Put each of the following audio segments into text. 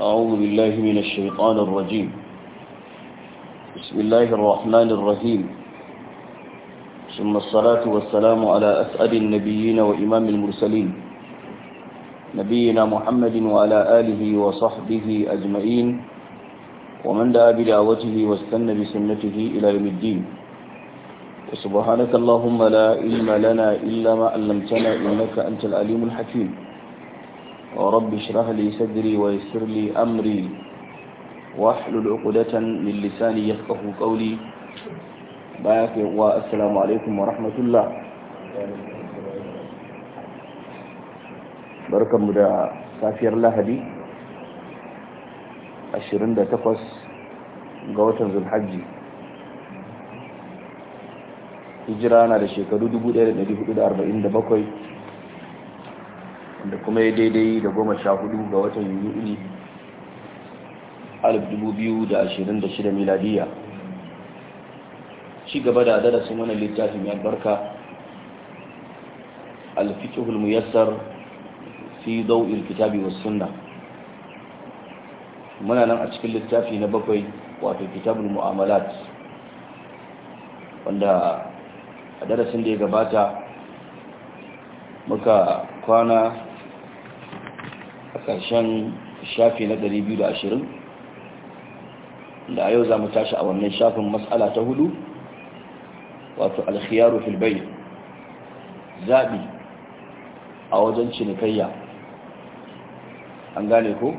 أعوذ بالله من الشيطان الرجيم بسم الله الرحمن الرحيم ثم الصلاة والسلام على أسعد النبيين وإمام المرسلين نبينا محمد وعلى آله وصحبه أجمعين ومن دعا بدعوته واستنى بسنته إلى يوم الدين وسبحانك اللهم لا علم لنا إلا ما علمتنا إنك أنت العليم الحكيم رب اشرح لي صدري ويسر لي أمري واحلل عقدة من لساني يفقه قولي باك والسلام عليكم ورحمة الله بركة مدى سافير لهدي الشرين ده تقص قوة ذو الحج هجرانا لشيكادو دبو دير 447 wanda kuma ya daidai da goma sha hudu ga watan yuli 2026 miladiya ci gaba da darasin wani littafin ya barka hulmu yassar fi dau'il kitabi wasu suna. muna nan a cikin littafi na bakwai wato kitabun mu'amalat wanda a darasin da ya gabata muka kwana a ƙarshen shafi na 220 da a yau za mu tashi a wannan shafin matsala ta hudu wato alkhiyaru filbai zaɓi a wajen cinikayya an gane ko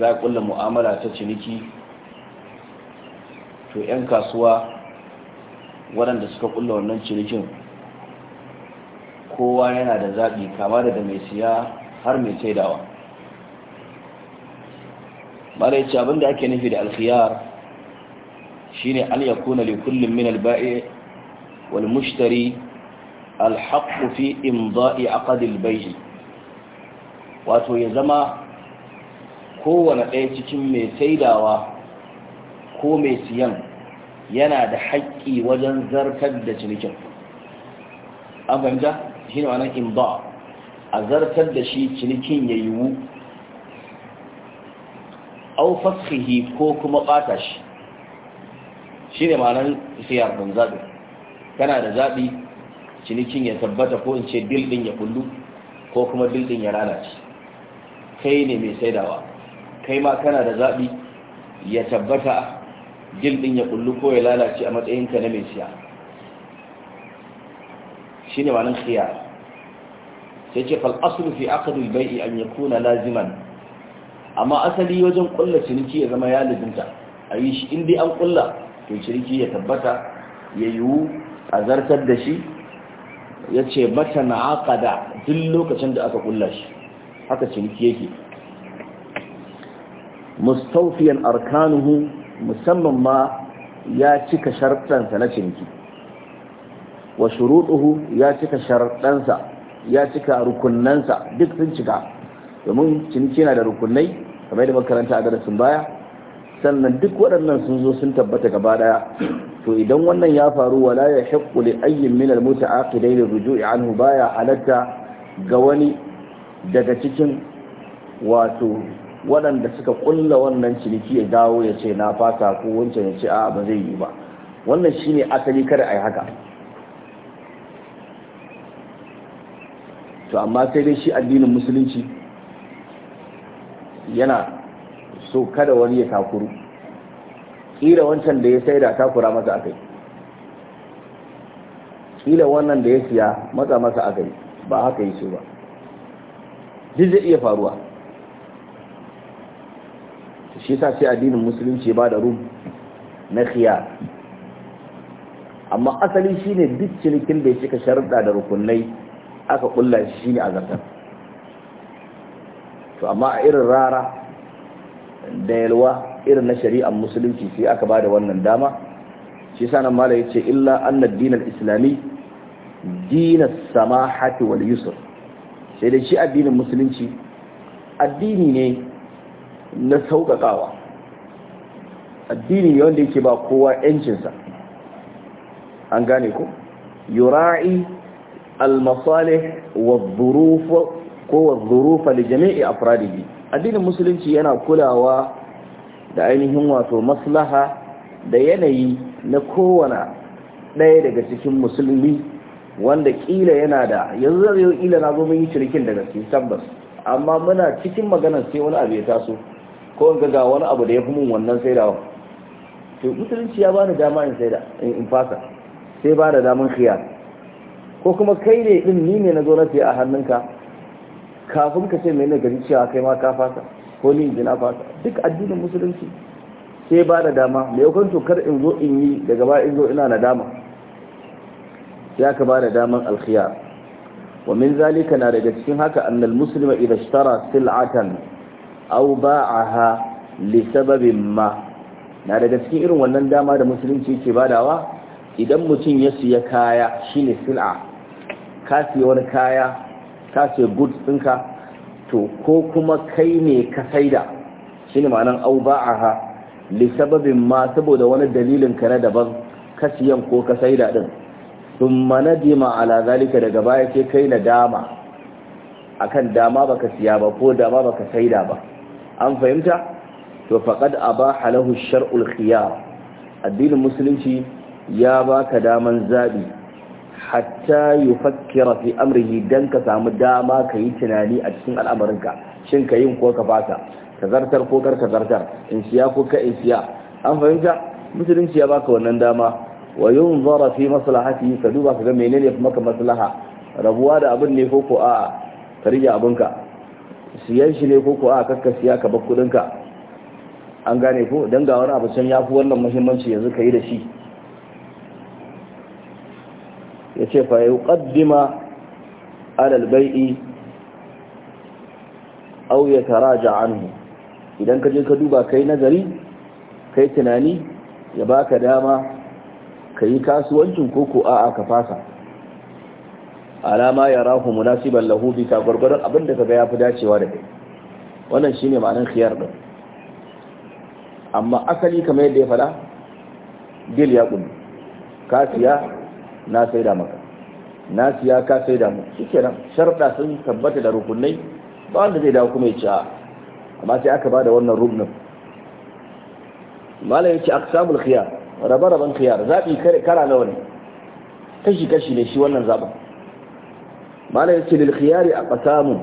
za a ƙulla mu'amala ta ciniki to 'yan kasuwa waɗanda suka ƙulla wannan cinikin kowa yana da zaɓi kama da mai siya har mai saidawa mala yace abin da ake nufi da alkhiyar shine an yakuna li kullin min alba'i wal mushtari alhaqqu fi imda'i aqd albay'i wato ya zama kowane ɗaya cikin mai saidawa ko mai siyan yana da haƙƙi wajen zartar da cinikin an fahimta shi ne in ba a zartar da shi cinikin ya yiwu au fasihi ko kuma bata shi shi ne ma'anar siyar don zaɓi kana da zaɓi cinikin ya tabbata ko in ce bildin ya kullu ko kuma bildin ya lalace kai ne mai saidawa kai ma kana da zaɓi ya tabbata bildin ya kullu ko ya lalace a matsayinka na mai siya shi ne ma'anar siyar sai ce fal'asuru fi aqdul bai'i an kuna laziman amma asali wajen kulla ciniki ya zama ya a yi shi inda an kulla to ciniki ya tabbata ya yiwu a zartar da shi ya ce mata na da duk lokacin da aka kulla shi haka ciniki yake mustaufiyan arkanuhu musamman ma ya cika sharɗansa na ciniki wa shuruɗuhu ya cika sharɗansa ya cika rukunansa duk sun cika domin ciniki yana da rukunai kamar da makaranta a darasin baya sannan duk waɗannan sun zo sun tabbata gaba daya to idan wannan ya faru wala ya haqqu li ayyin min al muta'aqidain ruju'i anhu baya halatta ga wani daga cikin wato waɗanda suka ƙulla wannan ciniki ya dawo ya ce na fata ko wancan ya ce a ba zai yi ba wannan shine asali kada ai haka to amma sai dai shi addinin musulunci yana so kada wani ya takuru kila wancan da ya sai da takura masa yi. kila wannan da ya siya matsa masa yi, ba haka yi so ba duk zai iya faruwa shi sa sai addinin musulunci ba da rum na khiya amma asali shine duk cinikin da ya cika sharuɗa da rukunai aka ƙulla shi ne a zartar to amma a irin rara da yalwa irin na shari'ar musulunci sai aka ba da wannan dama shi sanan mala yace ce illa annad dinar islami dinar samahati wal yusuf sai dai shi addinin musulunci addini ne na sauƙaƙawa addini ne wanda yake ba kowa yancinsa an gane ko yura'i al-masalih wa dhuruf ko zurufa da jami'i afradihi addinin musulunci yana kulawa da ainihin wato maslaha da yanayi na kowane ɗaya daga cikin musulmi wanda ƙila yana da yanzu zai yi ƙila na zo yi cirkin daga cikin tabbas amma muna cikin maganar sai wani abu ya taso ko in ga wani abu da ya fi mun wannan saidawa to musulunci ya bani dama in da in fasa sai ba da daman khiyar ko kuma kai ne din ni ne na zo na sai a hannunka kafin ka ce mai nagari cewa kai ma ka fasa ko ni ji na fasa duk addinin musulunci sai ba da dama mai yakan tokar in zo in yi daga ba in zo ina na dama ya ka ba da daman alkhiyar wa min zalika na daga cikin haka annal muslima idan ishtara sil'atan au ba'aha li sababin ma na daga cikin irin wannan dama da musulunci ke badawa idan mutum ya siya kaya shine sil'a ka siya wani kaya ka ce goods ɗinka to ko kuma kai ne ka saida shi ne ma'anan au ba'aha li sababin ma saboda wani dalilin ka na daban ka siyan ko ka saida din thumma nadima ala zalika daga baya sai kai na nadama akan dama baka siya ba ko dama baka saida ba an fahimta to faqad aba halahu shar'ul khiyar addinin musulunci ya baka daman zabi hatta yufakkira fi amrihi dan ka samu dama ka yi tunani a cikin al'amarinka shin ka yin ko ka fata kazartar ko kar ka in siya ko ka in siya an fahimta musulunci ya baka wannan dama wa yunzara fi maslahati ka duba ka ga menene fi maka maslaha rabuwa da abin ne ko ko a ka rige abinka siyan shi ne ko ko a kakka siya ka bar kudinka an gane ko dan ga wani abu can yafi wannan muhimmanci yanzu ka yi da shi ya ce fa yi ƙaddima alal bai'i au ya anhu idan ka je ka duba kai nazari kai tunani ya baka dama ka yi kasuwancin koko a ka fasa alama ya rahu munasiban lahubi ta gwargwaron abin da ka ga ya fi dacewa da kai wannan shi ne ma'anin khiyar ɗin. amma asali kamar yadda ya fada Gil ya ƙudu ka siya na sai da maka na siya ka sai saida mu nan, sharda sun tabbata da rukunai ba wanda zai dawo kuma ya ci amma sai aka bada wannan rubnin malam yace aqsamul khiyar raba raban khiyar zabi kare kara nawa ne kashi kashi ne shi wannan zaban malam yace lil khiyari aqsamu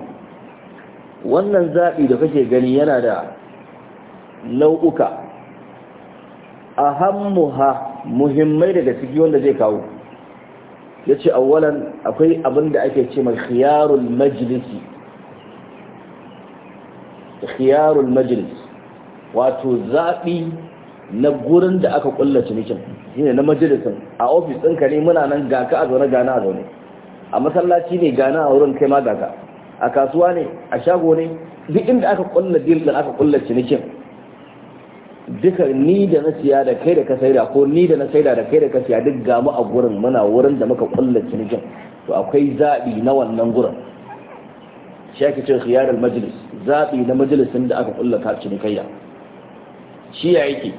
wannan zabi da kake gani yana da nau'uka ahammuha muhimmai daga ciki wanda zai kawo ya ce awwalan akwai abin da ake ce mai khiyarul majalisi khiyarul wato zaɓi na gurin da aka ƙulla cinikin shine na majalisin a ofis ka ne muna nan gaka a zaune gana a zaune a masallaci ne gana a wurin kai ma gaka a kasuwa ne a shago ne duk inda aka ƙulla dil ɗin aka ƙulla cinikin duka ni da na siya da kai da ka saida ko ni da na saida da kai da ka siya duk gamu a gurin muna wurin da muka kulla cinikin to akwai zaɓi na wannan gurin shi ake ce khiyarar majalis zaɓi na majalisin da aka kulla ka cinikayya shi ya yake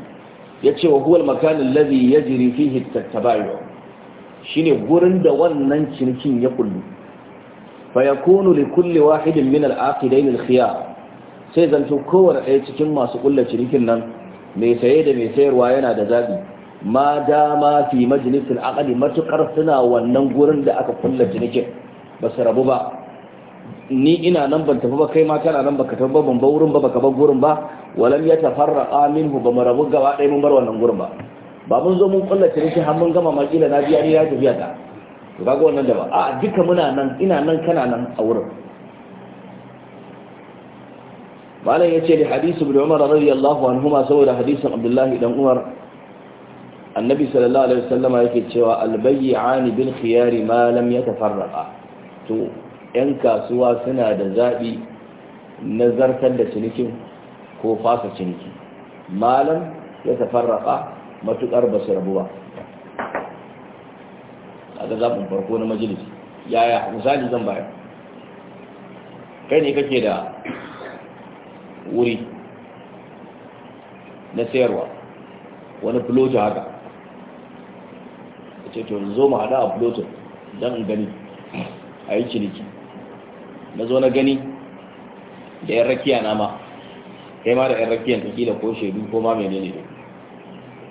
ya ce wa huwal makanin lazi ya jiri fihi tattabayo shi ne gurin da wannan cinikin ya kullu fa ya kunu li kulli wahidin min al-aqidain al-khiyar sai zanto kowane ɗaya cikin masu kulla cinikin nan mai saye da mai sayarwa yana da zabi ma dama fi majalisul akali matukar suna wannan gurin da aka kulla cinikin ba su rabu ba ni ina nan ban tafi ba kai ma kana nan baka tafi ba ban ba wurin ba baka ba gurin ba walam ya tafarra Aminu ba marabu gaba ɗaya mun bar wannan gurin ba ba mun zo mun kulla cinikin har mun gama makila na biya ni ya tafiya ta to kaga wannan da ba a duka muna nan ina nan kana nan a wurin malam ya ce da hadisu bin umar radiyallahu anhuma saboda hadisin abdullahi dan umar annabi sallallahu alaihi wasallama yake cewa albayyani bil khiyari ma lam yatafarraqa to yan kasuwa suna da zabi na zartar da cinikin ko fasa ciniki malam ya tafarraqa matukar basu rabuwa kaga zabin farko na majalisi yaya misali zan bayar kai ne kake da wuri na sayarwa wani bloto haka ce to zo mu hada a bloto don in gani a yi ciniki na zo na gani da yan rakiya na ma kai ma da yan rakiya ta kila ko shaidu ko ma mai nene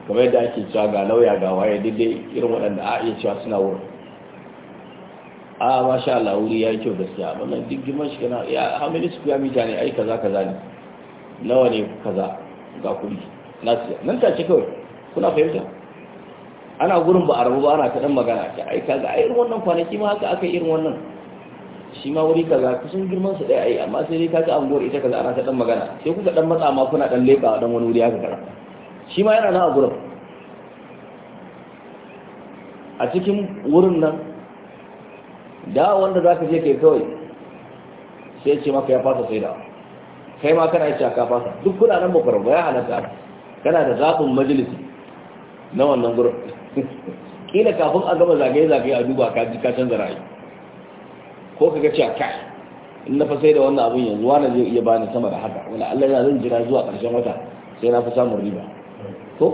kamar yadda ake cewa ga lauya ga waye daidai irin waɗanda a iya cewa suna wurin a ah, masha Allah wuri ya yi kyau gaskiya wannan duk girman shi kana ya how many square meter ne ai kaza kaza ne nawa ne kaza ga kuɗi na siya nan ta ce kawai kuna fahimta ana gurin ba a rabu ba ana ta ɗan magana ta aika ga irin wannan kwanaki ma haka aka irin wannan shi ma wuri kaza kusan girman su ɗaya ai amma sai dai kaga an gore ita kaza ana ta ɗan magana sai kuka ɗan matsa ma kuna ɗan leƙa dan wani wuri haka kaza shi ma yana nan a gurin a cikin wurin nan da wanda za ka je kai kawai sai ce maka ya fasa sai da kai ma kana cewa ka fasa duk kuna nan ba ya halatta kana da zaɓin majalisi na wannan gurin kila kafin a gama zagaye-zagaye a duba ka ji ka canza ra'ayi ko ka cewa kai in na fasai da wannan abin yanzu wani zai iya bani sama da haka wala Allah yana zan jira zuwa ƙarshen wata sai na fi samun riba ko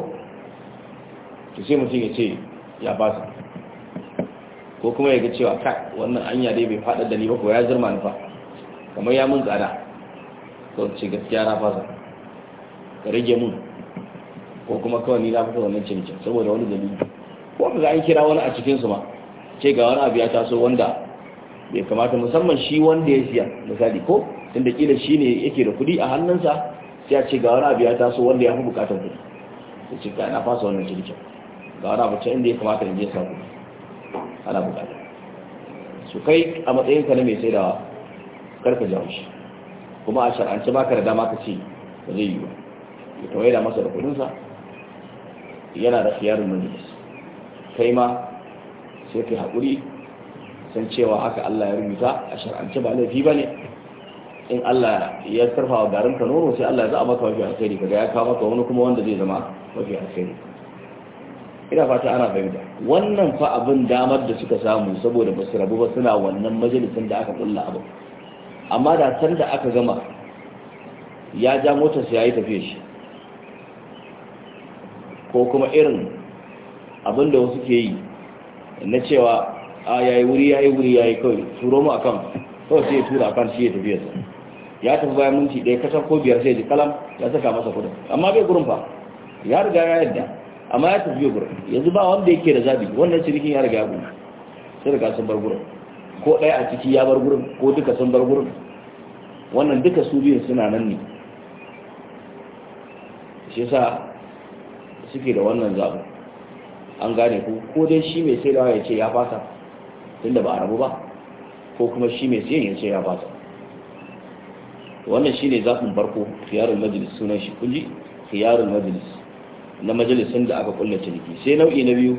to sai mutum ya ce ya fasa ko kuma ya ga cewa kai wannan anya dai bai faɗa da ni ba ko ya zirma ni fa kamar ya mun tsada sau ce gaskiya na fasa ka rage mun ko kuma kawai ni na fasa wannan cinikin saboda wani dalili ko ka ga an kira wani a cikinsu ma ce ga wani abu ya taso wanda bai kamata musamman shi wanda ya siya misali ko tunda kila shi ne yake da kuɗi a hannunsa sai a ce ga wani abu ya taso wanda ya fi bukatar kuɗi sai ce ka na fasa wannan cinikin ga wani abu ta inda ya kamata in je sa kuɗi ana bukata su kai a matsayinka na mai saidawa karka jawo shi kuma a shar'ance baka da dama ka ce ba zai yi ba ya tawaye da masa da kudinsa yana da khiyarun majlis kai ma sai kai haƙuri san cewa haka Allah ya rubuta a shar'ance ba laifi ba ne in Allah ya sarfa wa garin ka nono sai Allah ya za'a maka mafi alkhairi kaga ya kawo maka wani kuma wanda zai zama mafi alkhairi ina fata ana fahimta wannan fa abin damar da suka samu saboda basu rabu ba suna wannan majalisin da aka kulla abu amma da can da aka gama ya ja motarsa ya yi tafiye shi ko kuma irin abinda wasu ke yi na cewa a yayi wuri yayi wuri yayi kawai turo mu akan kawai sai ya tura akan shi ya tafiye sa ya tafi bayan minti ɗaya kasar ko biyar sai ya ji kalam ya saka masa kudin amma bai gurin fa ya riga ya yadda amma ya tafi gurin yanzu ba wanda yake da zabi wannan cinikin ya riga ya gudu sai riga sun bar gurin ko ɗaya a ciki ya bar gurin ko duka sun bar gurin wannan duka su biyun suna nan ne shi sa suke da wannan zaɓu an gane ku ko dai shi mai sai ya ce ya fasa da ba a rabu ba ko kuma shi mai sai ya ce ya fasa wannan shi ne zaɓin farko fiyarun majalis sunan shi kunji fiyarun majalis na majalisun da aka kulla ciniki sai nau'i na biyu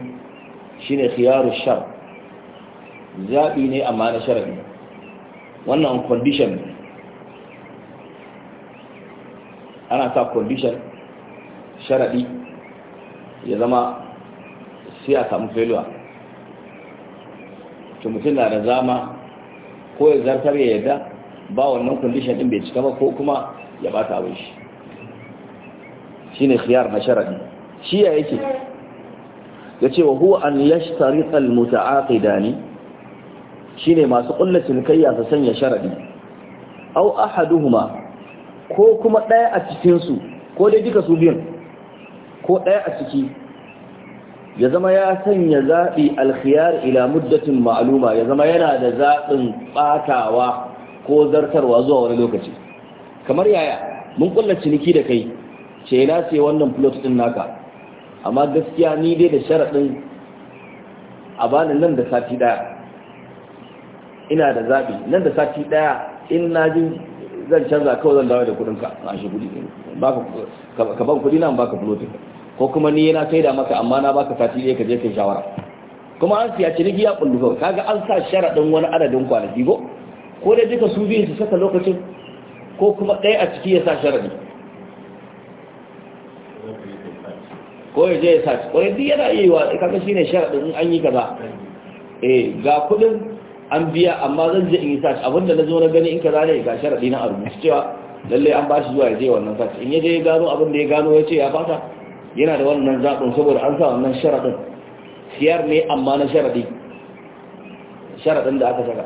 shi ne fiyarun shar zaɓi ne amma na sharaɗi. wannan condition ana sa condition sharaɗi ya zama sai a samu failure to mutum na da zama ko ya zartar ya yadda ba wannan condition ɗin bai cika ba ko kuma ya bata wai shi ne khiyar na sharaɗi. shi ya yake ce wa huwa an yashtarita al muta'aqidani Shi ne masu ƙulla cinikayya su sanya sharaɗi. au ahaduhuma ko kuma ɗaya a cikinsu ko dai duka su biyun ko ɗaya a ciki ya zama ya sanya zaɓi alkhiyar ila muddatin ma'aluma ya zama yana da zaɓin ɓatawa ko zartarwa zuwa wani lokaci kamar yaya mun ƙulla ciniki da kai ce na ce wannan plot ɗin naka amma gaskiya ni dai da sharaɗin a bani nan da sati ɗaya ina da zaɓi nan da sati ɗaya in na ji zan canza kawai zan dawo da kuɗin ka a shi kudi ka ban kuɗi nan baka fulotin ko kuma ni yana kai da maka amma na baka sati ɗaya ka je kai shawara kuma an siya ciniki ya kullu kawai kaga an sa sharaɗin wani adadin kwanaki ko ko dai duka su biyu su saka lokacin ko kuma ɗaya a ciki ya sa sharaɗi ko ya je ya sa ko duk yana yi wa kaga shine sharaɗin in an yi kaza eh ga kuɗin an biya amma zan je in yi sati abinda na zo na gani in ka zane ga sharaɗi na a rubuce cewa lallai an bashi zuwa ya je wannan sati in ya je ya gano abin da ya gano ya ce ya fata yana da wannan zaɓin saboda an sa wannan sharaɗin siyar ne amma na sharaɗi sharaɗin da aka saka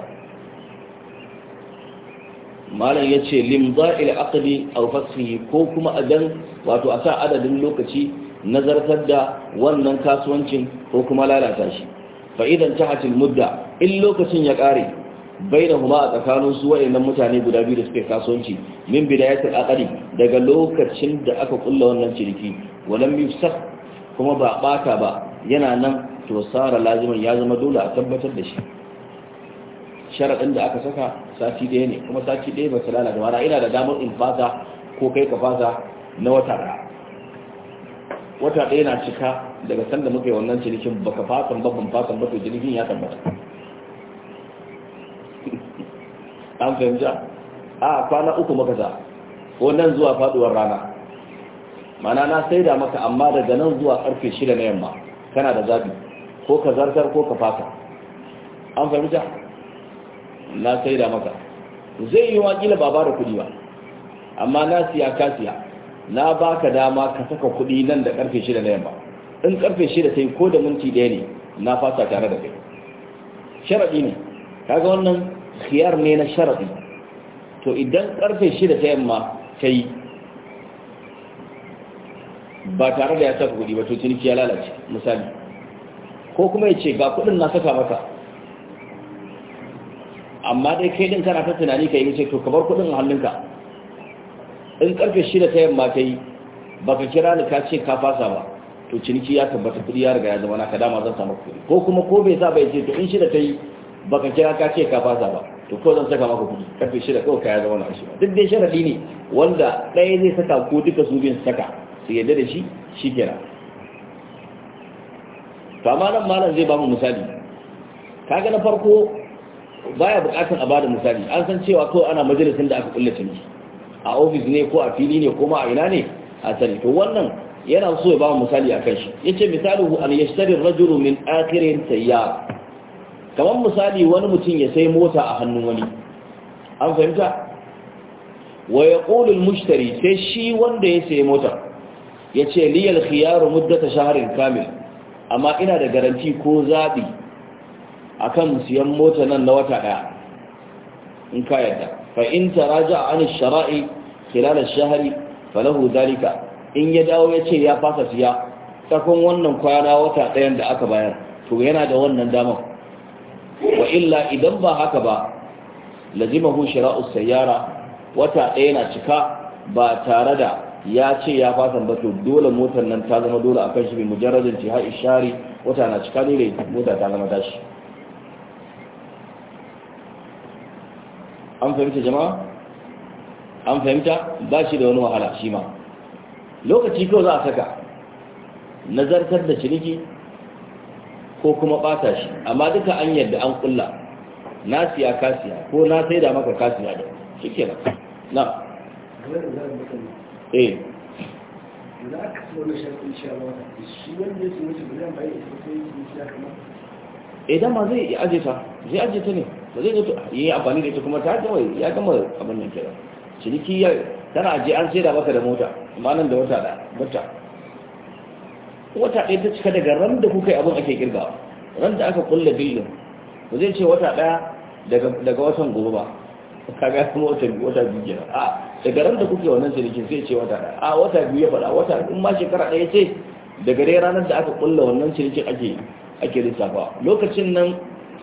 malam ya ce limza ila aqli aw fasfihi ko kuma adan wato a sa adadin lokaci nazartar da wannan kasuwancin ko kuma lalata shi Fa'idan idan mudda in lokacin ya kare huma a tsakanin su waɗannan mutane guda biyu da suke kasuwanci min bidayatil akari daga lokacin da aka kulla wannan ciniki Wannan yusaf kuma ba bata ba yana nan to sara lazimin ya zama dole a tabbatar da shi sharadin da aka saka sati ɗaya ne kuma sati ɗaya ba salala da ina da damar in fasa ko kai ka fasa na wata ɗaya wata ɗaya na cika daga sanda muka yi wannan cinikin baka fasan ba ban fasan ba to cinikin ya tabbata an fahimta a kwana uku maka za ko nan zuwa faduwar rana mana na sai da maka amma daga nan zuwa karfe shida na yamma kana da zabi ko ka zartar ko ka fasa an fahimta na sai da maka zai yi wakila ba ba da kuɗi ba amma na siya ka siya na baka dama ka saka kuɗi nan da karfe shida na yamma in karfe shida ta yi ko da minti ɗaya ne na fasa tare da kai sharaɗi ne kaga wannan khiyar ne na sharaɗi to idan karfe shida ta yamma ta yi ba tare da ya saka kuɗi ba to ciniki ya lalace misali ko kuma ya ce ga kuɗin na saka maka amma dai kai din kana ta tunani ka yi ce to ka bar kuɗin a hannunka in karfe shida ta yamma ka yi ba ka kira ni ka ce ka fasa ba to ciniki ya tabbata kudi ya riga ya zama na dama zan samu kudi ko kuma ko bai sa bai ce to in shida ta yi ba ka kira ka ce ka fasa ba to ko zan saka maka kudi karfe shida kawai ka ya zama na shi duk dai sharadi ne wanda ɗaya zai saka ko duka su biyun saka su yadda da shi shi kira to amma nan malam zai ba mu misali kaga na farko baya bukatun a bada misali an san cewa ko ana majalisin da aka kulle ciniki a ofis ne ko a fili ne kuma a ina ne a sani to wannan yana so ya ba mu misali a kan shi yace misali an yashtari rajulu min akhirin sayyar kamar misali wani mutum ya sai mota a hannun wani an fahimta wa yaqulu al-mushtari sai shi wanda ya sai mota yace li al-khiyaru muddata shahrin kamil amma ina da garanti ko a akan siyan mota nan na wata ɗaya in ka yarda فإن تراجع عن الشراء خلال الشهر فله ذلك إن يدعو يتي يا فاسسيا تكون ونن كوانا وتعطيان دعاك باير فغينا دوانا داما وإلا إذن با هكذا لزمه شراء السيارة وتعطينا شكا با تاردا ya ce ya fasan ba to dole motar nan ta zama dole a kan shi bi mujarradin jihar ishari wata na cika ne mota ta zama tashi an fahimta jama'a an fahimta ba shi da wani wahala shi ma lokaci kawai za a saka nazartar da ciniki ko kuma ɓata shi amma duka an yadda an kulla na siya kasiya ko na sai da maka kasiya da shi ke na na idan ma wani shafin wanda ya ce ba zai ajiyeta kama eh zai ajiyeta ne ba zai zo yi amfani da ita kuma ta wai ya gama abin nan kira ciniki ya tana je an sai da maka da mota amma nan da wata da wata wata ɗaya ta cika daga ran da kuka yi abin ake kirgawa ran da aka kulle billin ba zai ce wata ɗaya daga watan gobe ba Ka ga kuma wata biyu wata biyu kenan a daga ran da kuke wannan ciniki sai ce wata ɗaya a wata biyu ya faɗa wata in ma shekara ɗaya ce daga dai ranar da aka kulla wannan ciniki ake ake lissafa lokacin nan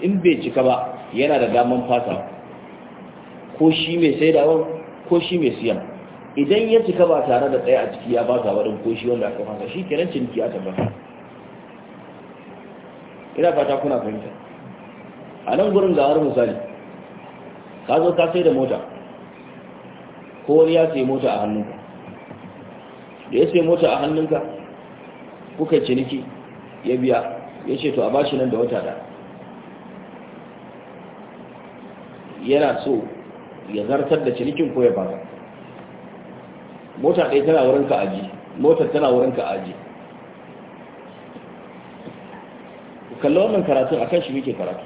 in bai cika ba yana da daman fasa ko shi mai sai da ko shi mai siyan idan ya cika ba tare da tsaye a ciki ya ba ta waɗin ko shi wanda aka fasa shi kenan ciniki a tabbata ina fata kuna fahimta a nan gurin ga wani misali ka zo ka sai da mota ko wani ya sai mota a hannunka da ya sai mota a hannunka kuka ciniki ya biya ya ce to a bashi nan da wata da yana so ya zartar da cinikin ko ya baka mota ɗaya tana wurin ka aji motar tana wurin ka aji kalla wannan karatun kan shi muke karatu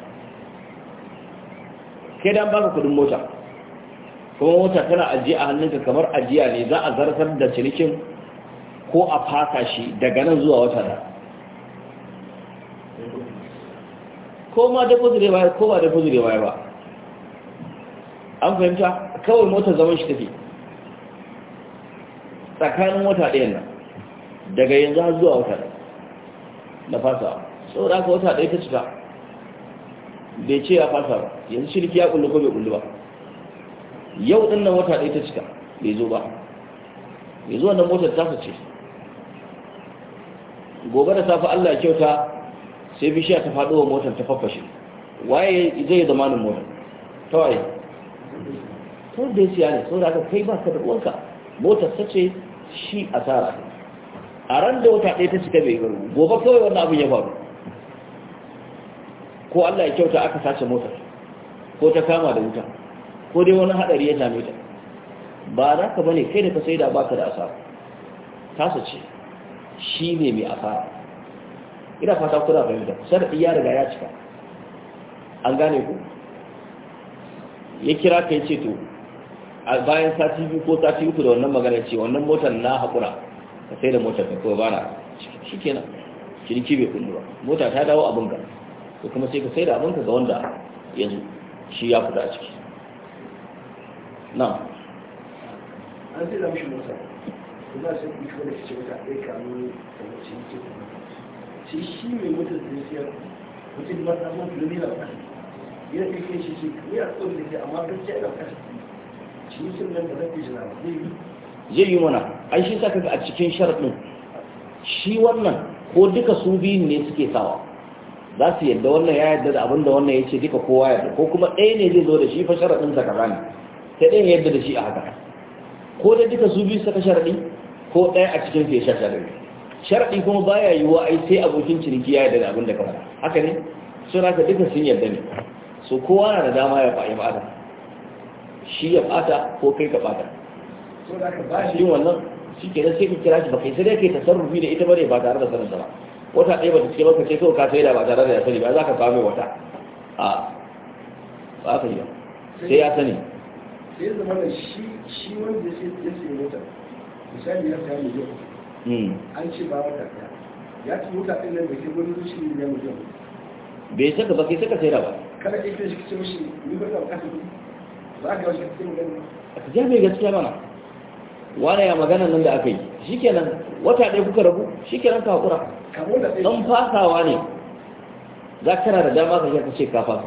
kai dan baka kudin mota kuma mota tana ajiye a hannunka kamar ajiya ne za a zartar da cinikin ko a fasa shi daga nan zuwa wata da ko ma da fuzure ba ko ba da fuzure baya ba an fahimta kawai motar zaman shi tafi tsakanin wata ɗayan nan daga yanzu har zuwa wata na fasa da aka wata ɗaya ta cika bai ce ya fasa ba yanzu shirki ya kullu ko bai kullu ba yau ɗin nan wata ɗaya ta cika bai zo ba bai zo wannan motar tasa ce gobe da safe Allah ya kyauta sai bishiya ta faɗo wa motar ta faffashe waye zai zamanin motar ta waye sai da ya siya ne da aka kai ba ka da uwanka motar ta ce shi asara a ran da wata ɗaya ta cika bai garu gobe kawai wannan abin ya faru ko Allah ya kyauta aka sace motar ko ta kama da wuta ko dai wani haɗari ya dame ta ba za ka bane kai da ka sai da ba ka da asara tasa ce shi ne mai asara ina fata kuna fahimta sharadi ya riga ya cika an gane ku ya kira ka ya ce to a bayan sati biyu ko sati uku da wannan magana ce wannan motar na haƙura ka sai da motar ka kawai bana shi kenan ciniki bai kullu ba mota ta dawo abin ka ko kuma sai ka sai da abin ka ga wanda yanzu shi ya fita a ciki na an sai da mishi mota kuma sai ku shi wanda ke ce mota ɗaya kamun da mace yake kuma sai shi mai motar da ya mutum ba ta mutu da ne na ba yana kai kai shi ce ya tsoron da ke amma gaskiya a ba zai yi mana an shi sa a cikin sharaɗin shi wannan ko duka su biyun ne suke sawa za su yadda wannan ya yadda da abin da wannan ya ce duka kowa yadda ko kuma ɗaya ne zai zo da shi fa sharaɗin sa kaza ne ta ɗaya yadda da shi a haka ko da duka su biyu saka sharaɗi ko ɗaya a cikin fiye sharaɗi sharaɗi kuma baya yiwuwa ai sai abokin ciniki ya yadda da abin da ka haka ne suna haka duka sun yadda ne su kowa na da dama ya fa'i ma'ada shi ya bata ko kai ka bata yin wannan shi ke sai ka kira shi ba kai sai dai kai tasarrufi da ita bane ba tare da sanin ba wata ɗaya ba ta cike maka ce kawai ka sai da ba tare da ya sani ba za ka samu wata a ba ka yi ba sai ya sani sai zama da shi shi wanda ya sai mota misali ya samu yau hmm. an ce ba wata ya ci mota ɗin nan da ke wani zuci ne ya mu bai saka ba kai saka sai da ba kada ita shi kice mishi ni ba da kasa ka je cikin gaskiya mana wani ya magana nan da aka yi kenan wata ɗaya kuka rabu kenan ka haƙura don fasawa ne za ka kana da dama ka ka ce ka fasa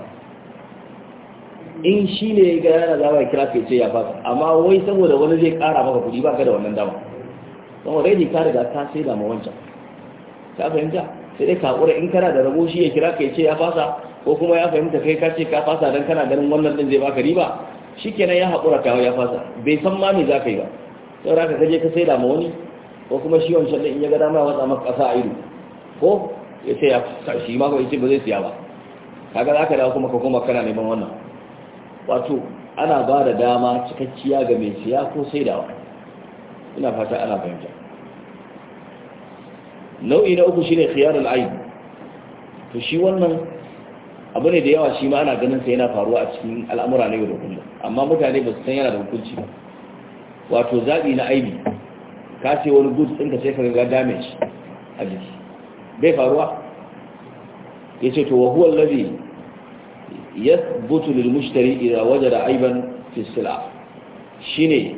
in shi ne ga yana za ka kira ka ce ya fasa amma wai saboda wani zai ƙara maka kuɗi ba ka da wannan dama don already ka riga ka sai da ma wancan ka fahimta sai dai ka haƙura in kana da rabo shi ya kira ka ce ya fasa ko kuma ya fahimta kai ka ce ka fasa don kana ganin wannan din zai baka riba shikenan ya haƙura kawo ya fasa bai san ma me za ka yi ba saboda ka kaje ka saida ma wani ko kuma shi wancan din in ya ga dama watsa maka ƙasa a ido ko ya ce ya shi ma ko ya ce ba zai siya ba kaga za ka dawo kuma ka koma kana neman wannan wato ana ba da dama cikakkiya ga mai siya ko saidawa ina fata ana fahimta nau'i na uku shine khiyarul aib to shi wannan abu ne da yawa shi ma ana ganin sa yana faruwa a cikin al'amura na yau da kullum amma mutane ba su san yana da hukunci ba wato zaɓi na aibi ka ce wani goods ɗinka sai ka ga damage a jiki bai faruwa ya ce to wa huwa ya butu lil mushtari waje da aiban fisila shi ne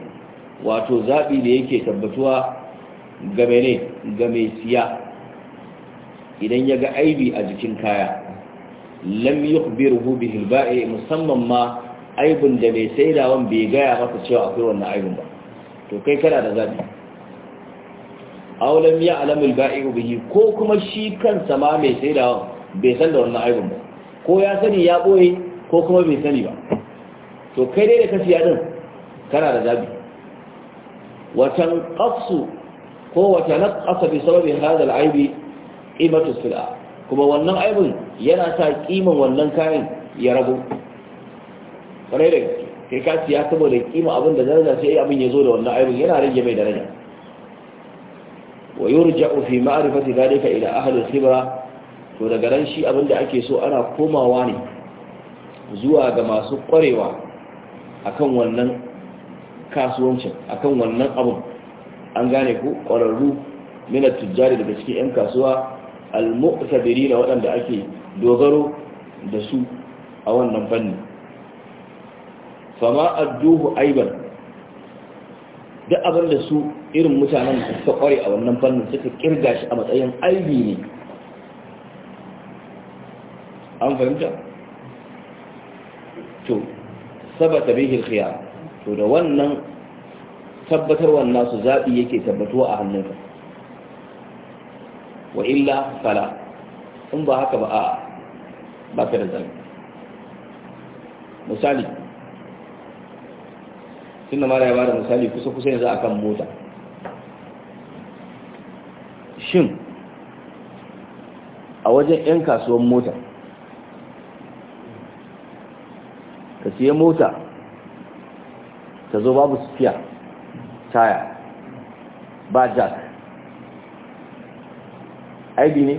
wato zaɓi da yake tabbatuwa ga mene ga mai siya idan ya ga aibi a jikin kaya lam yukbiru bihi alba'i musamman ma aibin da bai da wani bai gaya masa cewa akwai wannan aibin ba to kai kana da zabi aulam ya alamul ba'i'u bihi ko kuma shi kansa ma mai saidawan bai san da wannan aibin ba ko ya sani ya boye ko kuma bai sani ba to kai dai da kasiya din kana da zabi watan qasu ko wata naqasa bi sababi hada al'aibi aibi qimatu sila kuma wannan aibin yana sa kiman wannan kayan ya rabu kwarai da kai ka siya saboda kima abin da daraja sai abin ya zo da wannan aibin yana rage mai daraja wa yurja'u fi ma'rifati dhalika ila ahli khibra to daga ran shi abin da ake so ana komawa ne zuwa ga masu kwarewa akan wannan kasuwancin akan wannan abin an gane ku kwararru min tujjari daga cikin yan kasuwa al-mu'tabirina waɗanda ake dogaro da su a wannan fannin fama adduhu aiban duk abin da su irin mutanen da suka kware a wannan fannin suka kirga shi a matsayin aibi ne an fahimta to sabata bihi khiyar to da wannan tabbatarwar nasu zaɓi yake tabbatuwa a hannunka wa illa fala in ba haka ba a ba ka da zaɓi misali tunda mara ya bada misali kusa kusa yanzu akan mota shin a wajen 'yan kasuwan mota ka siya mota ta zo babu spiya, taya ba jack aibi ne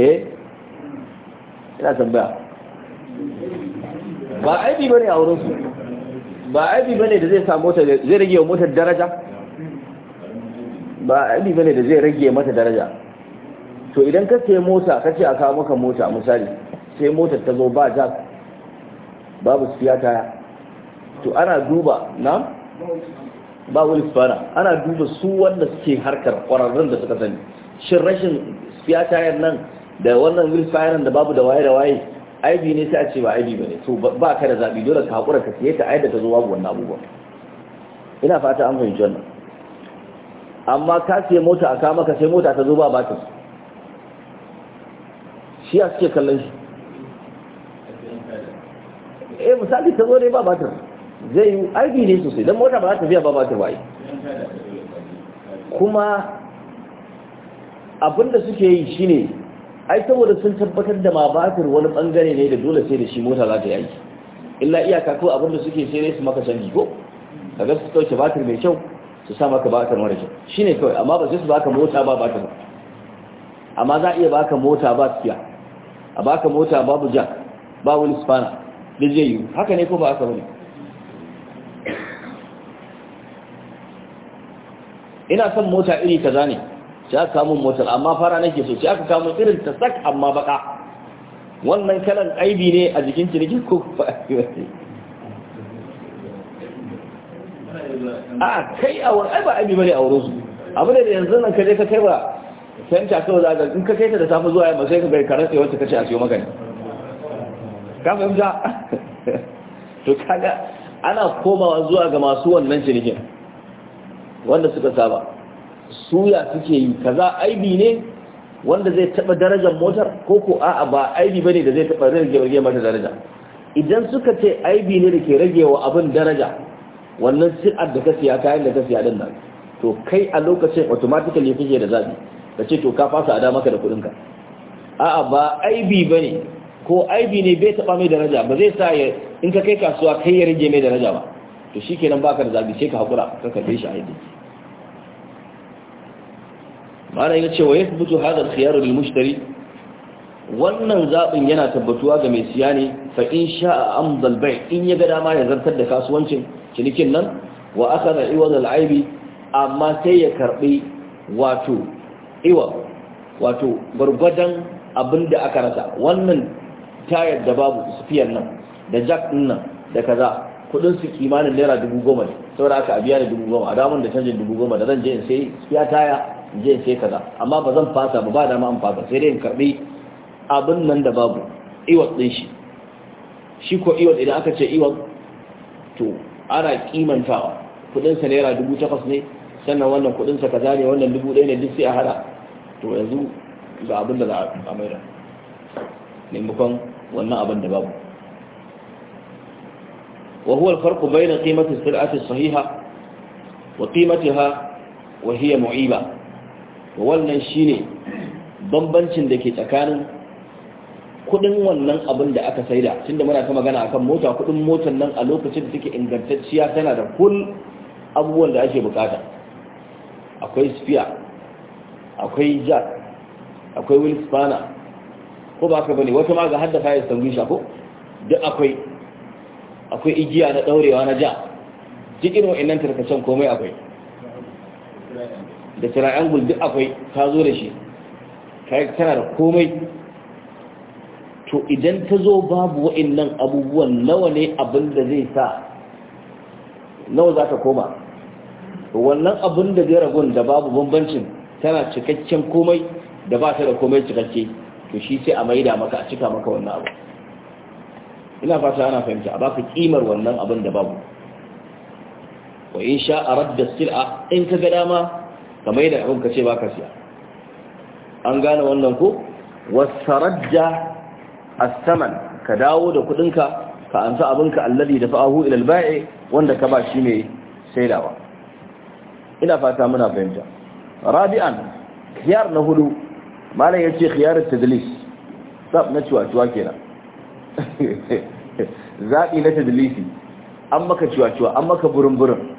eh ina tambaya ba aibi ba ne a wurinsu ba aibi bane da zai sa mota zai rage wa motar daraja ba aibi bane da zai rage mata daraja to idan ka sai mota ka ce a kawo maka mota misali sai motar ta zo ba jak, babu siya taya to ana duba na ba wani ana duba su wanda suke harkar kwararrun da suka sani shin rashin siya tayar nan da wannan wheel da babu da waye da waye aibi ne sai a ce ba aibi ba ne to ba ka da zaɓi dole ka haƙura ka siye ta aida ta zo babu wannan abubuwan ina fata an fahimci wannan amma ka siye mota a kama ka sai mota ta zo ba batir shi a suke kallon shi eh misali ta zo ne ba batir zai yi aibi ne sosai don mota ba za ta biya ba batir ba yi kuma abinda suke yi shine ai saboda sun tabbatar da ma batir wani bangare ne da dole sai da shi mota za ta yi aiki illa iyaka ko abinda suke sai dai su maka canji ko kaga su kauce batir mai kyau su sa maka batir mara kyau shine kawai amma ba sai su baka mota ba batir amma za a iya baka mota ba tsiya a baka mota babu jack ba wani spana da zai yi haka ne ko ba aka bane ina son mota iri kaza ne ci aka kamun motar amma fara nake so ci aka kamun irin ta sak amma baka wannan kalan aibi ne a jikin nake ko ba a kai a wani ai ba aibi bane a wurin su abu da yanzu nan ka je ka kai ba fahimta kawai za ka in ka kai ta da tafi zuwa yamma sai ka bai karatse wacce ka ce a siyo maka ne ka fahimta to kaga ana komawa zuwa ga masu wannan cinikin wanda suka saba suya suke yi kaza aibi ne wanda zai taba darajar motar ko ko a'a ba aibi bane da zai taba rage rage mata daraja idan suka ce aibi ne da ke rage wa abin daraja wannan sir'ar da ka siya kayan da ka siya din nan to kai a lokacin automatically kake da zabi ka ce to ka fasa ada maka da kudin ka a'a ba aibi bane ko aibi ne bai taba mai daraja ba zai sa ya in ka kai kasuwa kai ya rage mai daraja ba to shikenan baka da zabi sai ka hakura ka kalle shi a ma'ana ya ce wa ya tabbatu hadar khiyarul mushtari wannan zaɓin yana tabbatuwa ga mai siya ne fa in sha'a amdal bai in ya ga dama ya zartar da kasuwancin cinikin nan wa aka da iwa da amma sai ya karɓi wato iwa wato gwargwadon abin aka rasa wannan tayar da babu sufiyar nan da jack nan da kaza kudin su kimanin naira dubu goma ne saboda aka abiya da dubu goma a damar da canjin dubu goma da zan je in sai ya taya in sai kaza amma ba zan fasa ba ba dama an fasa sai dai in karbi abin nan da babu iwat din shi shi ko iwat idan aka ce iwat to ana kimantawa kudin sa naira 8000 ne sannan wannan kudin sa kaza ne wannan 1000 ne duk sai a hada to yanzu ga abin da za a maida maimakon wannan abin da babu وهو الفرق بين قيمة السلعة الصحيحة وقيمتها وهي معيبة wannan shine bambancin da ke tsakanin kudin wannan abin da aka saida tunda muna ta magana akan mota kudin motar nan a lokacin da take ingantacciya tana da kul abubuwan da ake bukata akwai sphere akwai jack akwai wheel spanner ko ba ka bane wata ma ga ya fayar sanguisha ko duk akwai akwai igiya na daurewa na ja cikin wa'annan tarkacen komai akwai da triangle duk akwai ta zo da shi tana da komai to idan ta zo babu wa'annan abubuwan nawa ne abin da zai sa nawa za ta koma wannan abin da zai ragun da babu bambancin tana cikakken komai da ba ta da komai cikakke to shi sai a maida maka a cika maka wannan abu ina fata ana fahimta a baka kimar wannan abin da babu wa in sha a radda sil'a in ka ga dama kamar yadda abin ka ce ba ka siya an gane wannan ko wasarajja as-saman ka dawo da kudinka ka ansa abinka alladi da fa'ahu ilal bai wanda ka ba shi mai saidawa ina fata muna fahimta rabi'an khiyar na hudu malam ce khiyar tadlis sab na ciwa-ciwa kenan zabi na tadlisi an maka ciwa-ciwa an maka burin-burin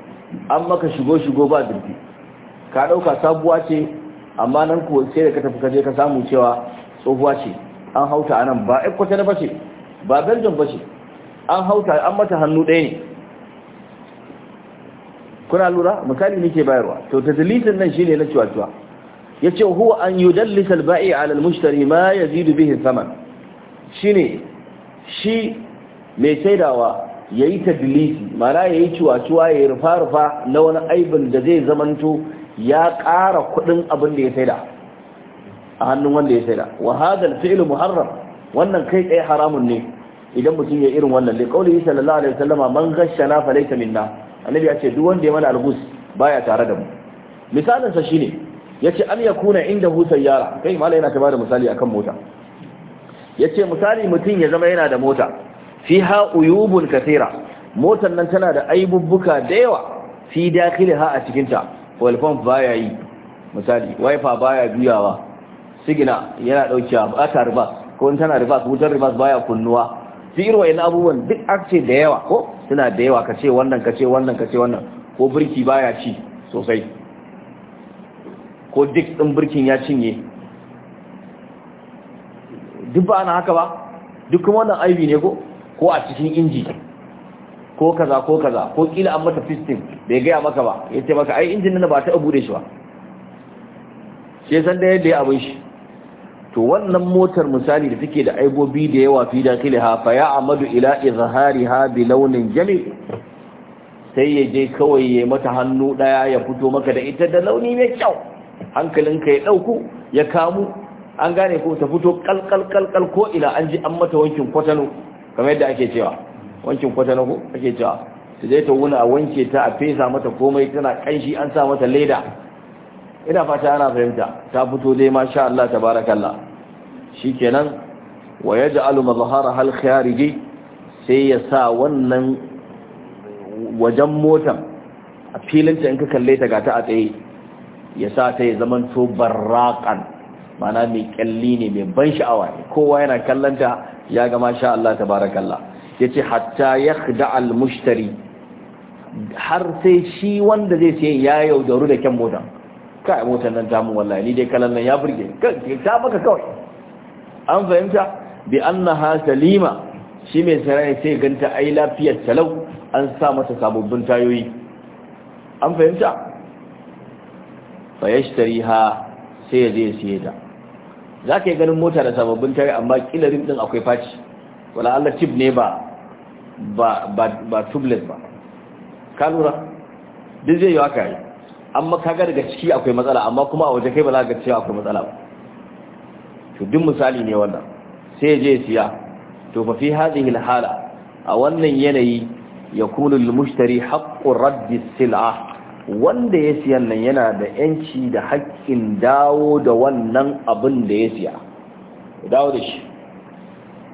an maka shigo-shigo ba zurfi ka ɗauka sabuwa ce amma nan ko sai da ka tafi kaje ka samu cewa tsohuwa ce an hauta anan ba kwata na bace ba belgium bace an hauta an mata hannu ɗaya ne kuna lura misali nake bayarwa to tadlisin nan shine na cewa yace huwa an yudallis al-ba'i 'ala al-mushtari ma yazidu bihi thaman shine shi mai saidawa yayi tadlisi mana yayi ciwaciwa yayi rufa-rufa na wani aibin da zai zamanto ya ƙara kuɗin abin da ya saida a hannun wanda ya saida wa hadal fi'l muharram wannan kai kai haramun ne idan mutum ya irin wannan da kauli sallallahu alaihi wasallam man ghashana falaysa minna annabi ya ce duk wanda ya mana algus baya tare da mu misalin sa shine yace an yakuna inda hu sayyara kai malai yana tabar misali akan mota yace misali mutum ya zama yana da mota fiha uyubun katira Motan nan tana da aibubbuka da yawa fi dakhiliha a cikin ta oil ba baya yi misali wifi baya juyawa sigina yana dauke bata ribas ko in tana ribas wutar ba baya kunnuwa irwa wayan abubuwan duk an ce da yawa ko suna da yawa kace wannan kace wannan kace wannan ko birki baya ci sosai ko duk din birkin ya cinye duk ba ana haka ba duk kuma wannan aibi ne ko ko a cikin inji ko kaza ko kaza ko kila an mata fistin bai gaya maka ba ya ce maka ai injin nan ba ta bude shi ba sai san da yadda ya abin shi to wannan motar misali da take da aibobi da yawa fi da dakiliha fa ya amadu ila izhariha bi launin jami sai ya je kawai ya mata hannu daya ya fito maka da ita da launi mai kyau hankalinka ya ɗauko ya kamu an gane ko ta fito kalkal kalkal ko ila an ji an mata wankin kwatano kamar yadda ake cewa wankin kwata na ko ake cewa ta je ta wuna a wanke ta a fesa mata komai tana kanshi an sa mata leda ina fata ana fahimta ta fito dai sha Allah tabarakallah shikenan wa yaj'alu mazharaha al-khariji sai ya sa wannan wajen motar a filinta in ka kalle ta gata a tsaye ya sa ta ya zaman to barraƙan mana mai kyalli ne mai ban sha'awa ne kowa yana kallanta ya ga sha Allah ta ce hatta ya da mushtari har sai shi wanda zai sayi ya yaudaru da kyan motan kai motan nan mun wallahi ni dai kalan nan ya burge ta maka kawai an fahimta bi annaha salima shi mai sarai sai ganta ai lafiyar talau an sa mata sababbin tayoyi an fahimta fa ha sai ya je siye ta zaka yi ganin mota da sababbin tayoyi amma kilarin din akwai faci wala Allah tip ne ba ba ba ba ka lura duk zai yi wa yi amma kaga daga ciki akwai matsala amma kuma a waje kai ba za ka cewa akwai matsala ba to duk misali ne wannan sai je siya to fa fi hadhihi alhala a wannan yanayi yakunu almushtari haqqu raddi sil'a wanda ya siya nan yana da yanci da haƙƙin dawo da wannan abin da ya siya dawo da shi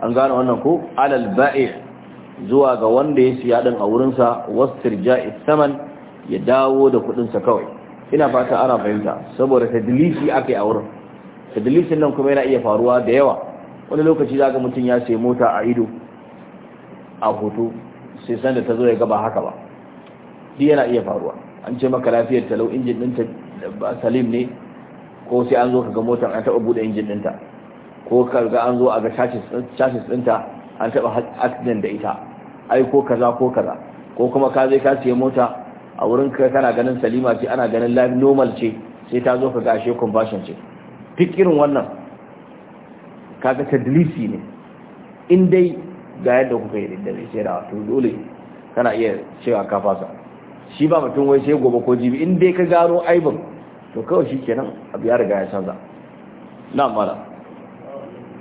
an gane wannan ko alal ba'i zuwa ga wanda ya siya din a wurinsa wastirja'i saman ya dawo da kuɗinsa kawai ina fata ana fahimta saboda tadlisi akai a wurin tadlisin nan kuma yana iya faruwa da yawa wani lokaci zaka mutum ya sayi mota a ido a hoto sai san ta zo ya gaba haka ba shi yana iya faruwa an ce maka lafiyar talau injin ɗinta salim ne ko sai an zo ka ga motar an taɓa buɗe injin ɗinta ko karga an zo a ga chassis dinta an taɓa accident da ita ai ko kaza ko kaza ko kuma ka zai ka siya mota a wurin ka kana ganin salima ce ana ganin life normal ce sai ta zo ka ga ashe conversion ce duk irin wannan ga tadlisi ne in dai ga yadda kuka yi da sai da to dole kana iya cewa ka fasa shi ba mutum wai sai gobe ko jibi in dai ka gano aibin to kawai shi kenan abu ya riga ya canza na mara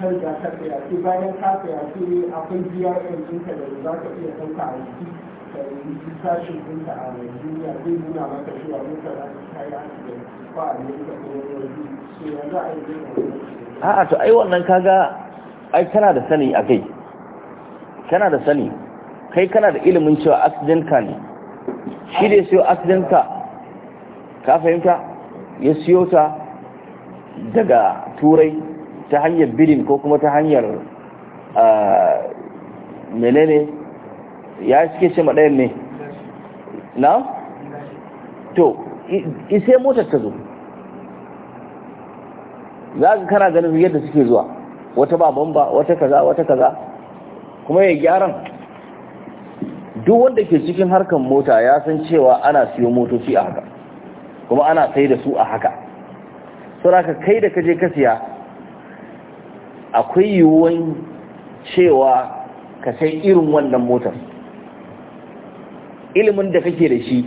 kan da ta tsaya ki bayan ka tsaya ne, akwai biyar ɗinka da za ka iya sauka a jiki da yi sashin ɗinka a Najeriya zai nuna maka cewa muka za ta kayi asibi ko a yi Amerika ko wani so ya za a yi zai a'a to ai wannan kaga ai tana da sani a kai kana da sani kai kana da ilimin cewa accident ka ne shi da ya siyo accident ka ka fahimta ya siyo ta daga turai ta hanyar bilin ko kuma ta hanyar menene ya suke ce maɗayan ne na? to isai motar ta zo za ka kana ganin yadda suke zuwa wata ba bamba wata kaza wata kaza kuma ya gyaran duk wanda ke cikin harkar mota ya san cewa ana siyo motoci a haka kuma ana sai da su a haka sauraka kai da kaje ka siya akwai yiwuwan cewa ka sai irin wannan motar ilimin da kake da shi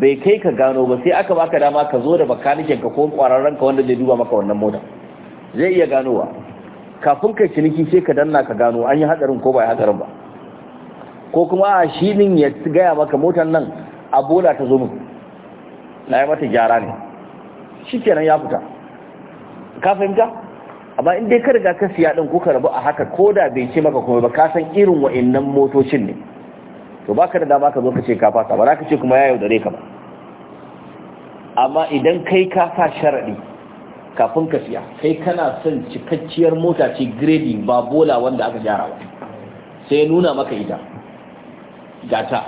bai kai ka gano ba sai aka baka dama ka zo da bakanikin ka ko kwararren ka wanda zai duba maka wannan motar zai iya ganowa kafin ka ciniki sai ka danna ka gano an yi hadarin ko ba ya hadarin ba ko kuma a shi din ya gaya maka motar nan a bola ta zo min na yi mata gyara ne shi kenan ya fita ka fahimta amma in dai ka riga ka siya din kuka rabu a haka ko da bai ce maka kuma ba ka san irin wa'annan motocin ne to baka da dama ka zo ka ce ka fasa ba za ka ce kuma ya yaudare ka ba amma idan kai ka sa sharaɗi kafin ka siya kai kana son cikakkiyar mota ce gredi ba bola wanda aka gyara ba sai nuna maka ita gata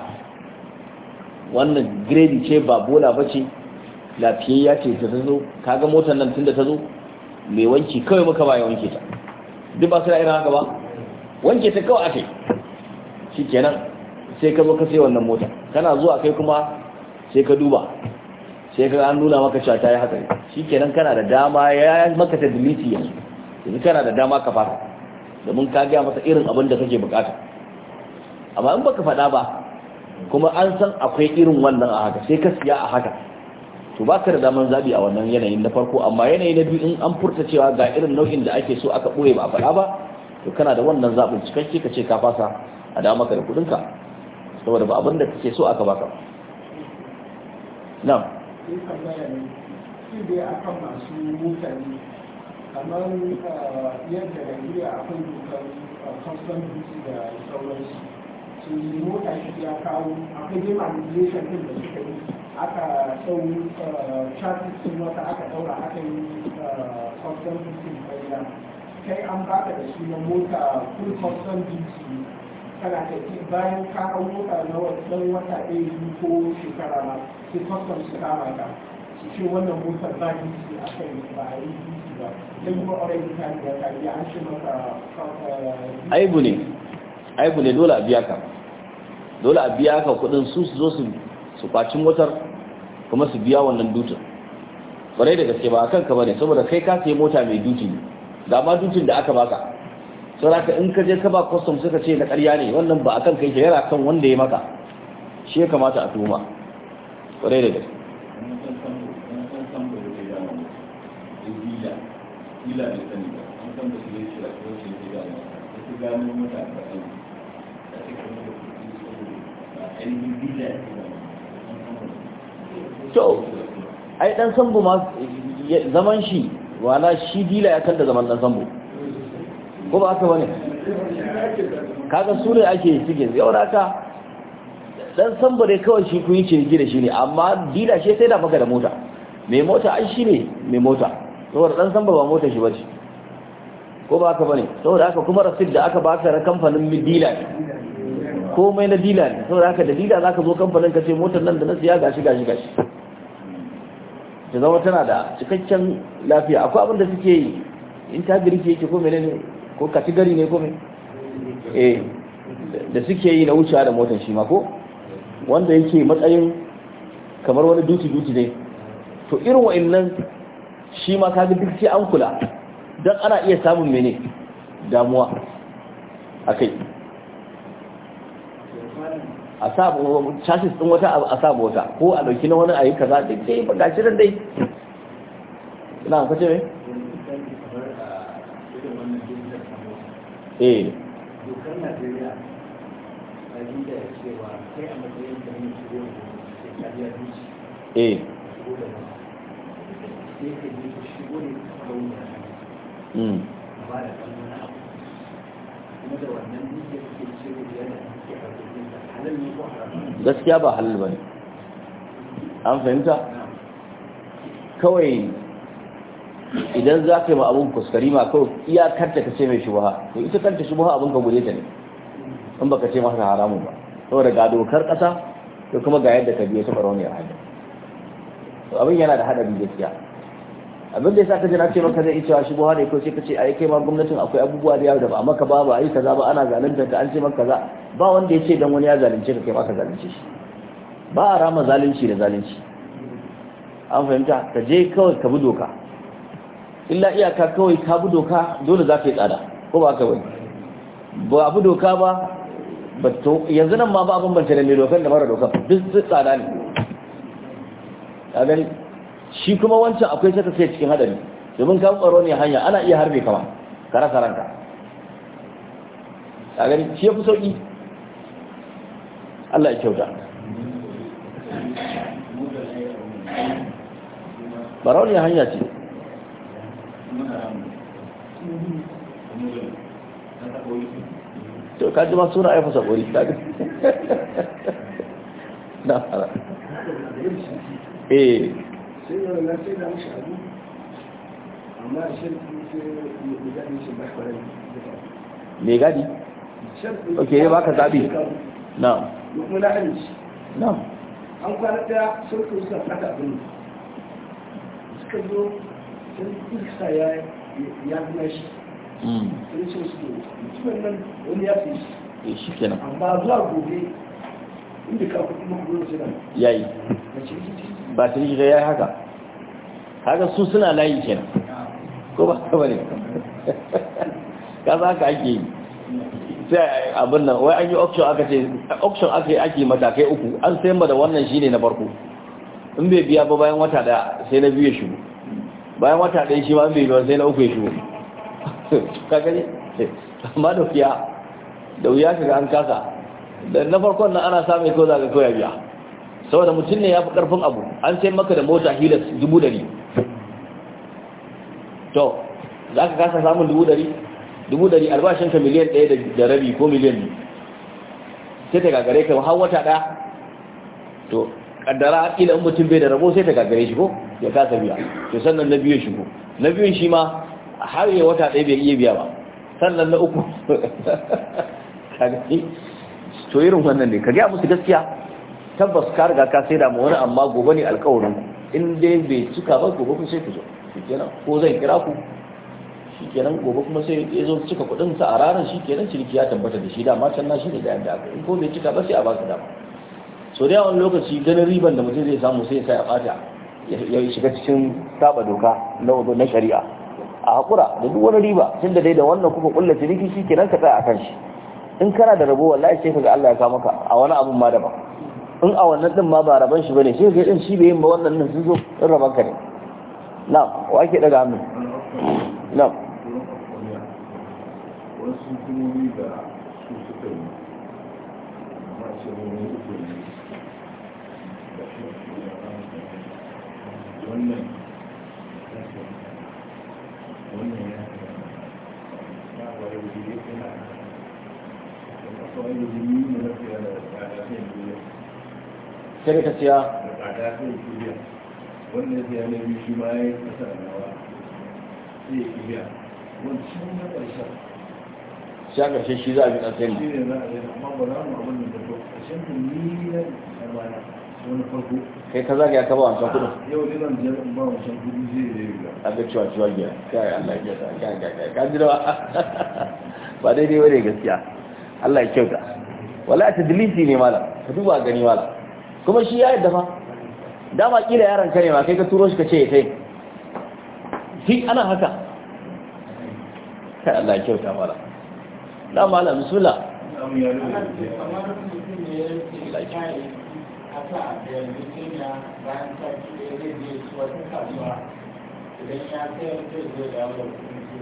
wannan grade ce ba bola ba ce lafiyayya ce ta zo ga motar nan tun da ta zo mai wanki kawai muka ba ya wanke ta duk ba su irin haka ba wanke ta kawai ake shi kenan sai ka zo ka sai wannan mota kana zuwa kai kuma sai ka duba sai ka an nuna maka cewa ta yi hatsari shi kenan kana da dama ya maka ta dimiti yanzu yanzu kana da dama ka fata domin ka gaya masa irin abin da kake bukata amma in baka faɗa ba kuma an san akwai irin wannan a haka sai ka siya a haka to ba ka da daman zabi a wannan yanayin na farko amma yanayi na biyu in an furta cewa ga irin nau'in da ake so aka ɓoye ba a faɗa ba to kana da wannan zaɓin cikakke ka ce ka fasa a dawo maka da kuɗinka saboda ba abin da kake so aka baka nan kamar ah, yadda ah, da sun mota ya kawo akwai da suka yi aka sau eh, charges sun wata aka daura aka yi eh, custom duty bayan kai an baka da shi na mota full custom duty kana ke bayan ka hau mota na wajen wata ɗaya biyu ko shekara ma sai custom su kama ka su ce wannan motar ba duty a kai ba a yi duty ba sai kuma already ta riga ka biya an shi maka eh, aibu ne aibu ne dole a biya ka dole a biya ka kuɗin su su zo su su kwacin motar kuma su biya wannan dutin kwarai da gaske ba a kanka ba ne saboda kai ka sayi mota mai duti ne ga ma dutin da aka baka saboda in ka je ka ba kwastam suka ce na karya ne wannan ba a kan kai yara kan wanda ya maka shi ya kamata a tuma kwarai da gaske gano mutane da to ai dan sambo ma zaman shi wala shi dila ya kanta zaman dan sambo ko ba haka bane kaga su ake cike. yau da ka? dan sambo dai kawai shi kun yi gida da shi ne amma dila shi sai da maka da mota mai mota ai shi ne mai mota saboda dan sambo ba mota shi bace ko ba haka bane saboda haka kuma rasid da aka baka na kamfanin dila ne komai na dila ne saboda haka da dila za ka zo kamfanin ka ce motar nan da na siya gashi gashi gashi ta zama tana da cikakken lafiya akwai abin da suke yi in ta girki yake ko menene ko katigari ne ko eh da suke yi na wucewa da motar shi ma ko wanda yake matsayin kamar wani duti duti ne to irin wa'annan shi ma kaga duk sai an kula don ana iya samun mene damuwa a kai. a sa chassis din wata a sa wata ko a dauki na wani ayi kaza duk ba gashi dai ina ka ce me eh dokar Najeriya da cewa kai a matsayin da ne duci eh ba da kan wani abu kuma da wannan da cewa yana gaskiya ba halal ba ne an fahimta kawai idan za ka yi ma abun kuskari ma kawai iyakarta ka ce mai shubaha to ita kanta shubaha abin ka guje ta ne in ba ka ce masa haramun ba saboda ga dokar kasa to kuma ga yadda ka biya ta barauniyar hajji abin yana da haɗari gaskiya abin da yasa ka na ce maka zai iya cewa shi buwa ne ko sai ce ai kai ma gwamnatin akwai abubuwa da yawa da ba amma ka ba ba ai kaza ba ana zalunta ka an ce maka kaza ba wanda ya ce dan wani ya zalunce ka kai ma ka zalunce shi ba a rama zalunci da zalunci an fahimta ka je kawai ka bi doka illa iyaka kawai ka bi doka dole za ka yi tsada ko ba ka bane ba a bi doka ba batto yanzu nan ma ba abin bance da mai dokar da mara dokar duk tsada ne a gani shi kuma wancan akwai saka sai cikin hadari domin kan tsaro ne hanya ana iya harbe kama ka rasa ranka a gani shi ya fi sauƙi Allah ya kyauta barau ne hanya ce to kaji ma suna aifa ta ga na fara eh sai da na sai da abu amma shirki sai gadi shi mai gadi ok ya baka zabi na mukmuna hanci na an kwana daya shirki suka fata abin suka zo sun isa ya ya kuma shi hmm. sun ce su nan wani ya fi shi eh, shi kenan amma zuwa gobe inda ka kuma kuma suna yayi cikin ba ta shiga ya haka haka su suna layi kenan ko ba ka bane ka za ka ake yi sai abin nan wai an yi auction aka ce auction aka yi ake matakai uku an sayan ba da wannan shine na farko in bai biya ba bayan wata da sai na biyu ya shigo bayan wata ɗaya shi ma in bai biya sai na uku ya shigo ka gani amma da wuya da wuya an kasa da na farkon nan ana samun ko za ka koya biya saboda mutum ne ya fi karfin abu an sai maka da mota hilas dubu dari to za ka kasa samun dubu dari dubu dari albashinka miliyan ɗaya da rabi ko miliyan ne? sai ta gagare ka har wata ɗaya to kaddara ila in mutum bai da rabo sai ta gagare shi ko ya kasa biya to sannan na shi shigo na biyun shi ma har ya wata ɗaya bai iya biya ba sannan na uku to irin wannan ne ka gaya musu gaskiya tabbas ka riga ka sai da mu wani amma gobe ne alƙawarin in dai bai cika ba gobe kuma sai ku zo shikenan ko zan kira ku shikenan gobe kuma sai ya zo cika kuɗin sa a ranar shikenan ciniki ya tabbata da shi dama can na shi ne da yadda aka in ko bai cika ba sai a baka dama so da yawan lokaci ganin riban da mutum zai samu sai ya sa ya ya shiga cikin saba doka na na shari'a a haƙura da duk wani riba tun da dai da wannan kuka kulla ciniki shi kenan ka tsaya a kan shi in kana da rabo wallahi sai ga Allah ya kawo maka a wani abun ma daban in a wannan din ma ba raban shi bane shi kai din shi bai yin ba wannan din sun zo in raban ka ne na wa ake daga hannu na wani sai ka siya wannan ya ne shi ya yi da nawa sai ya a ƙarshen shi za a bi ƙarshen ne wani farko kai ka zagaya ka ba wancan kuɗin yau ne zan je ba wancan kuɗi zai yi riga a ga cewa cewa gida kai Allah ya kyauta kai kai kai ka ba daidai bane gaskiya Allah ya kyauta wala tadlisi ne malam ka duba gani malam kuma shi ya yi dafa. dama ƙila yaron ka ne ma kai ka turo shi ka ce ya kai ana haka kai Allah ya kyauta mala da mala musula da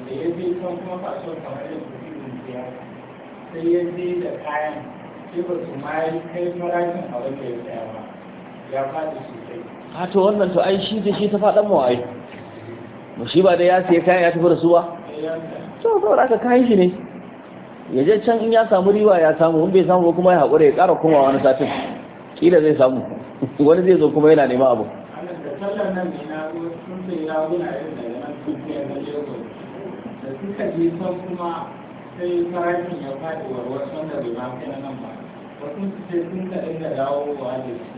ya kan kuma fasho kamar da kuɗi sai ya da kayan sai ba su ma yi kai marakin abin da ya tsaya ba ya faɗi sosai ha to wannan to ai shi da shi ta faɗan mawa ai mu shi ba da ya sai kayan ya tafi da su ba eh, to saboda haka kayan shi ne ya je can in ya samu riba ya samu in bai samu ba kuma ya haƙura ya ƙara komawa wani satin kila zai samu wani zai zo kuma yana nema abu da suka je kuma sai farashin ya faɗi wa wasu wanda bai ba kai nan ba wasu su ce sun ka dinga dawo wa da shi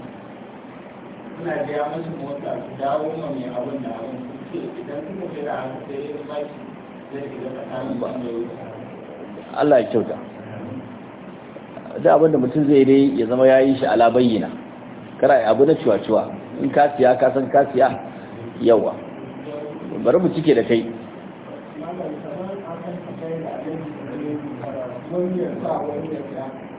suna biya masu mota su dawo ma mai abin da abin su ce idan suka fi da haka sai yin baki zai shiga tsakanin wanda ya wuce Allah ya kyauta da abin da mutum zai dai ya zama ya yi shi ala bayyana kara abu na ciwa-ciwa in ka siya ka san ka siya yawa bari mu cike da kai wani ya sa wani ya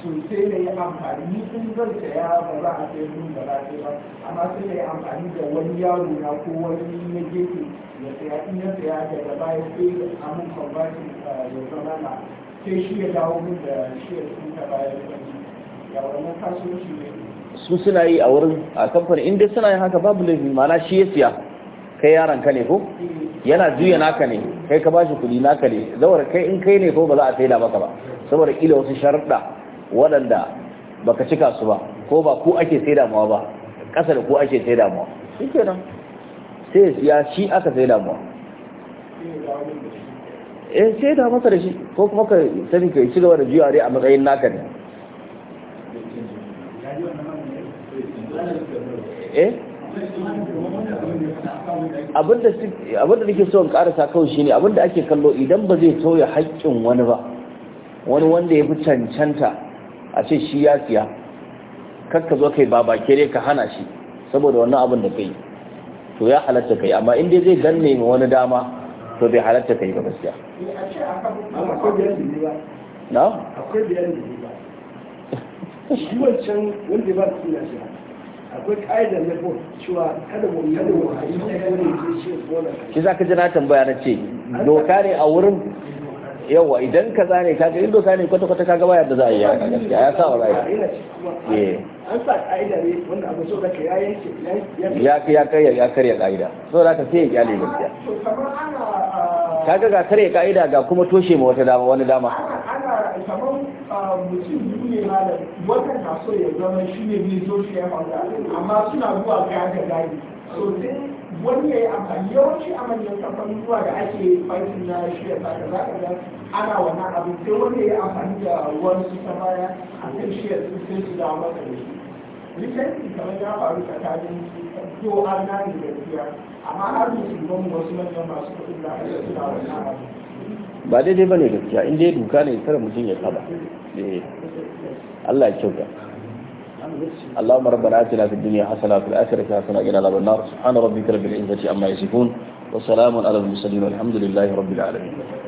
sosai da yi amfani sun zai saya ba za a sai mun da lafi ba amma sai na yi amfani da wani yaro na ko wani na gefe ya saya in ya saya daga baya sai da samun conversion eh, ya zama na sai shi ya dawo mun da shi ya sun ta baya da ya wannan kasuwanci ne su suna yi a wurin a kamfanin inda suna yin haka babu laifin mana shi ya siya kai yaron ka ne ko eh. yana juya naka ne kai ka bashi kuɗi naka ne zawar kai in kai ne ko ba za a saida maka ba saboda kila wasu sharuɗa waɗanda ba ka cika su ba ko ba ku ake sai damuwa ba ƙasa da ku ake sai damuwa shi nan sai ya shi aka sai damuwa eh sai da masa da shi ko kuma ka sani ka ci gaba da juya dai a matsayin naka ne eh abinda nake so in karasa kawai ne abinda ake kallo idan ba zai toya haƙƙin wani ba wani wanda ya fi cancanta a ce shi ya siya kakka zo kai baba kere ka hana shi saboda wannan abin da kai to ya halatta kai amma in dai zai danne ma wani dama to bai halatta kai ba gaskiya na akwai shi wancan wanda ba su na akwai ka'idar na bon cewa kada mu ne shi za ka ji na tambaya na ce doka ne a wurin yawa idan ka zane kaga in doka ne kwata kwata kaga baya da za a yi gaskiya ya sa wa rai an sa ka'ida ne wanda abu so da ka ya yanke ya ya karya ya karya ka'ida so da ka sai ya kyale gaskiya kaga ga karya ka'ida ga kuma toshe ma wata dama wani dama Ana mutum ne malam wata na so ya zama shi ne mai zo shi ya faru amma suna zuwa ga haka gari so sai wani ya yi amfani yawanci a manyan kamfanin zuwa da ake fakin na shirya tsaka za ka ga ana wannan abin sai wani ya yi amfani da ruwan su ta baya a kan shirya su sai su dawo masa da shi rikanci kamar ya faru tsakanin yau an na da gaskiya amma har musulman wasu manyan masu kuɗi da ake suna wannan abin ba daidai ba ne gaskiya in dai duka ne kada mutum ya saba eh, Allah ya kyauta اللهم ربنا آتنا في الدنيا حسنة وفي الآخرة حسنة وقنا عذاب النار سبحان ربك رب العزة عما يصفون وسلام على المرسلين والحمد لله رب العالمين